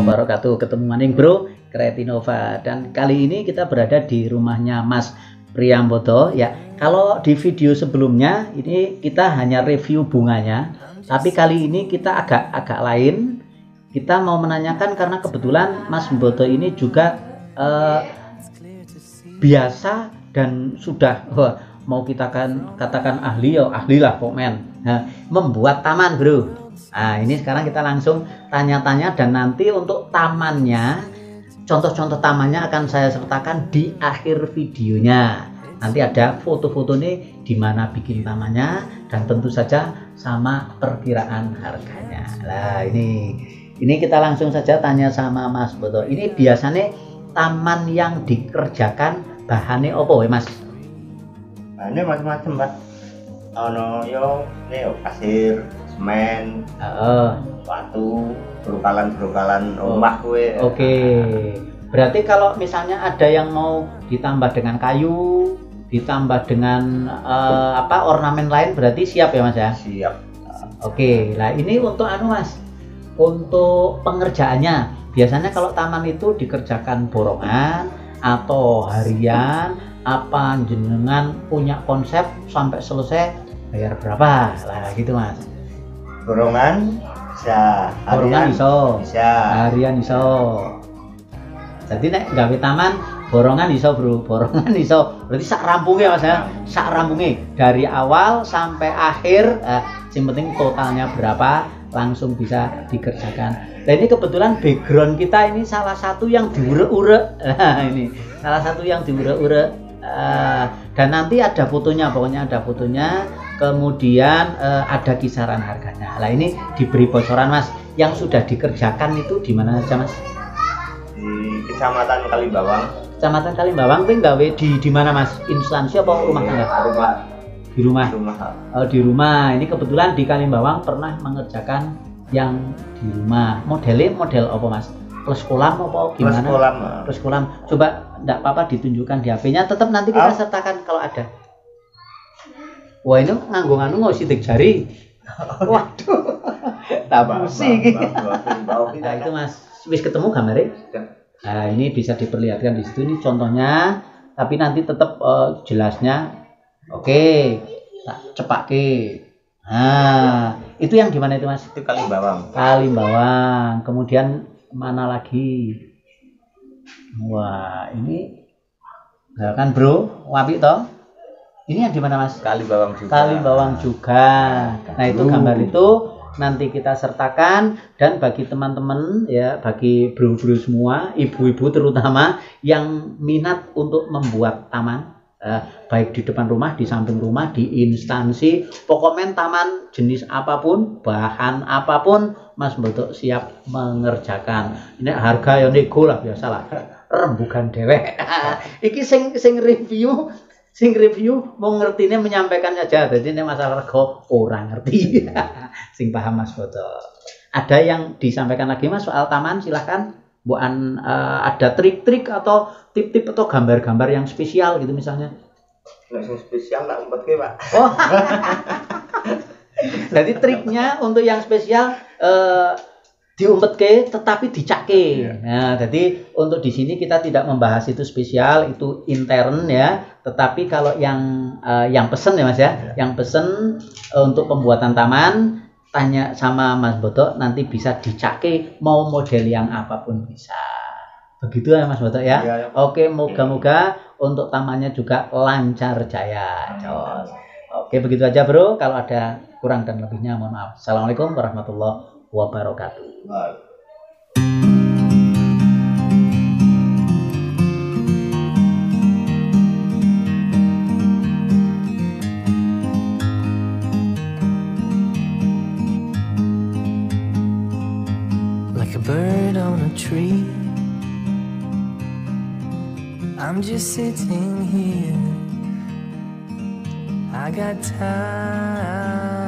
wabarakatuh. Ketemu maning Bro Kretinova dan kali ini kita berada di rumahnya Mas Priambodo ya. Kalau di video sebelumnya ini kita hanya review bunganya, tapi kali ini kita agak agak lain. Kita mau menanyakan karena kebetulan Mas Mboto ini juga eh, biasa dan sudah wah, mau kita kan katakan ahli ya ahli lah komen nah, membuat taman bro Nah, ini sekarang kita langsung tanya-tanya dan nanti untuk tamannya, contoh-contoh tamannya akan saya sertakan di akhir videonya. Nanti ada foto-foto nih di mana bikin tamannya dan tentu saja sama perkiraan harganya. Nah, ini ini kita langsung saja tanya sama Mas Boto. Ini biasanya taman yang dikerjakan bahannya apa ya Mas? Bahannya macam-macam, Pak. Ono yo neo pasir, men uh. batu, berukalan berukalan oh. kue oke okay. berarti kalau misalnya ada yang mau ditambah dengan kayu ditambah dengan uh, apa ornamen lain berarti siap ya mas ya siap oke okay. lah ini untuk anu mas untuk pengerjaannya biasanya kalau taman itu dikerjakan borongan atau harian apa jenengan punya konsep sampai selesai bayar berapa lah gitu mas Borongan bisa. Borongan iso. Bisa. Harian iso. Jadi nek gawe taman borongan iso bro, borongan iso. Berarti sak rampunge Mas ya. Sak rampunge dari awal sampai akhir eh, yang penting totalnya berapa langsung bisa dikerjakan. Dan ini kebetulan background kita ini salah satu yang diure-ure. ini salah satu yang diure-ure. Uh, eh, dan nanti ada fotonya, pokoknya ada fotonya kemudian eh, ada kisaran harganya. Nah ini diberi bocoran mas, yang sudah dikerjakan itu di mana saja mas? Di Kecamatan Kalimbawang. Kecamatan Kalimbawang ping gawe di di mana mas? Instansi apa rumah tangga? Rumah. Di rumah. Di rumah. Oh, di rumah. Ini kebetulan di Kalimbawang pernah mengerjakan yang di rumah. Modelnya model apa mas? plus kolam apa gimana? Plus kolam. Plus kolam. Coba tidak apa-apa ditunjukkan di HP-nya tetap nanti kita sertakan kalau ada. Wah ini nganggo nganu nggak sidik jari. Waduh. Tambah pusing. Nah itu mas, wis ketemu gambarnya? Nah ini bisa diperlihatkan di situ ini contohnya, tapi nanti tetap uh, eh, jelasnya. Oke, tak cepak ke. Nah, itu yang gimana itu mas? Itu kali bawang. Kali bawang, Kemudian mana lagi? Wah, ini kan bro, wapi toh? Ini yang di mana Mas? Kali Bawang juga. Kali Bawang juga. Nah, itu gambar itu nanti kita sertakan dan bagi teman-teman ya, bagi bro-bro semua, ibu-ibu terutama yang minat untuk membuat taman eh, baik di depan rumah, di samping rumah, di instansi, pokoknya taman jenis apapun, bahan apapun, Mas Botok siap mengerjakan. Ini harga yang nego lah biasalah rembukan dewek. Iki sing sing review sing review mau ngerti ini menyampaikannya aja. jadi ini masalah rego orang ngerti hmm. sing paham mas foto ada yang disampaikan lagi mas soal taman silahkan buan uh, eh, ada trik-trik atau tip-tip atau gambar-gambar yang spesial gitu misalnya yang spesial tak umpet ke pak oh. jadi triknya untuk yang spesial uh, diumpet ke, tetapi dicake. Yeah. Nah, jadi untuk di sini kita tidak membahas itu spesial, itu intern ya. Tetapi kalau yang uh, yang pesen ya Mas ya, yeah. yang pesen uh, untuk pembuatan taman tanya sama Mas Boto, nanti bisa dicake mau model yang apapun bisa. Begitu ya Mas Boto ya. Yeah, yeah. Oke, moga-moga untuk tamannya juga lancar jaya. Jos. Oke, begitu aja Bro. Kalau ada kurang dan lebihnya mohon maaf. Assalamualaikum warahmatullah. wabarakatuh. Like a bird on a tree, I'm just sitting here. I got time.